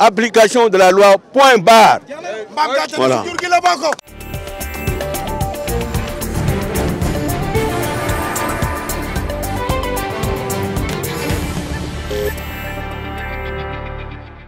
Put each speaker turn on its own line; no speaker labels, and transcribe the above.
application de la loi, point barre.